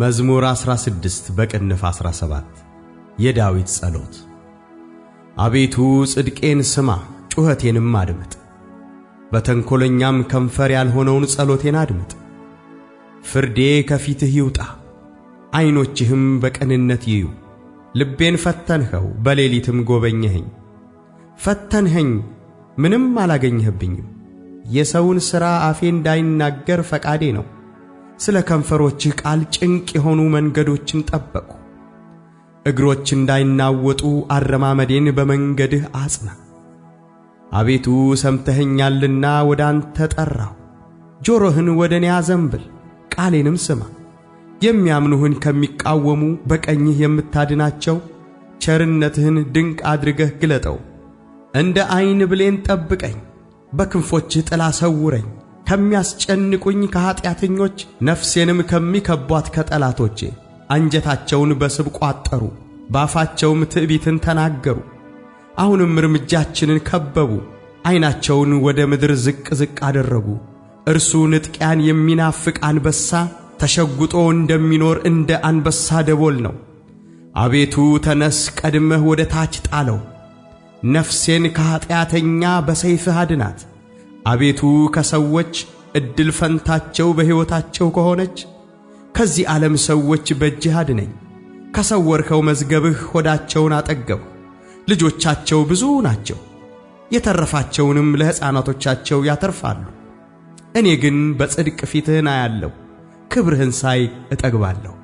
መዝሙር 16 በቅንፍ 17 የዳዊት ጸሎት። አቤቱ ጽድቄን ስማ፣ ጩኸቴንም አድምጥ፤ በተንኰለኛም ከንፈር ያልሆነውን ጸሎቴን አድምጥ። ፍርዴ ከፊትህ ይውጣ፣ ዐይኖችህም በቅንነት ይዩ። ልቤን ፈተንኸው፣ በሌሊትም ጐበኘኸኝ። ፈተንኸኝ፣ ምንም አላገኘህብኝም፤ የሰውን ሥራ አፌ እንዳይናገር ፈቃዴ ነው። ስለ ከንፈሮችህ ቃል ጭንቅ የሆኑ መንገዶችን ጠበቁ። እግሮች እንዳይናወጡ አረማመዴን በመንገድህ አጽና። አቤቱ ሰምተኸኛልና ወደ አንተ ጠራሁ። ጆሮህን ወደ እኔ አዘንብል፣ ቃሌንም ስማ። የሚያምኑህን ከሚቃወሙ በቀኝህ የምታድናቸው ቸርነትህን ድንቅ አድርገህ ግለጠው። እንደ ዐይን ብሌን ጠብቀኝ፣ በክንፎችህ ጥላ ሰውረኝ። ከሚያስጨንቁኝ ከኀጢአተኞች ነፍሴንም ከሚከቧት ከጠላቶቼ። አንጀታቸውን በስብ ቋጠሩ፣ በአፋቸውም ትዕቢትን ተናገሩ። አሁንም እርምጃችንን ከበቡ፣ ዐይናቸውን ወደ ምድር ዝቅ ዝቅ አደረጉ። እርሱ ንጥቂያን የሚናፍቅ አንበሳ ተሸጉጦ እንደሚኖር እንደ አንበሳ ደቦል ነው። አቤቱ ተነስ፣ ቀድመህ ወደ ታች ጣለው፤ ነፍሴን ከኀጢአተኛ በሰይፍህ አድናት። አቤቱ ከሰዎች እድል ፈንታቸው በሕይወታቸው ከሆነች ከዚህ ዓለም ሰዎች በእጅህ አድነኝ። ከሰወርከው መዝገብህ ሆዳቸውን አጠገብሁ። ልጆቻቸው ብዙ ናቸው፣ የተረፋቸውንም ለሕፃናቶቻቸው ያተርፋሉ። እኔ ግን በጽድቅ ፊትህን አያለሁ፣ ክብርህን ሳይ እጠግባለሁ።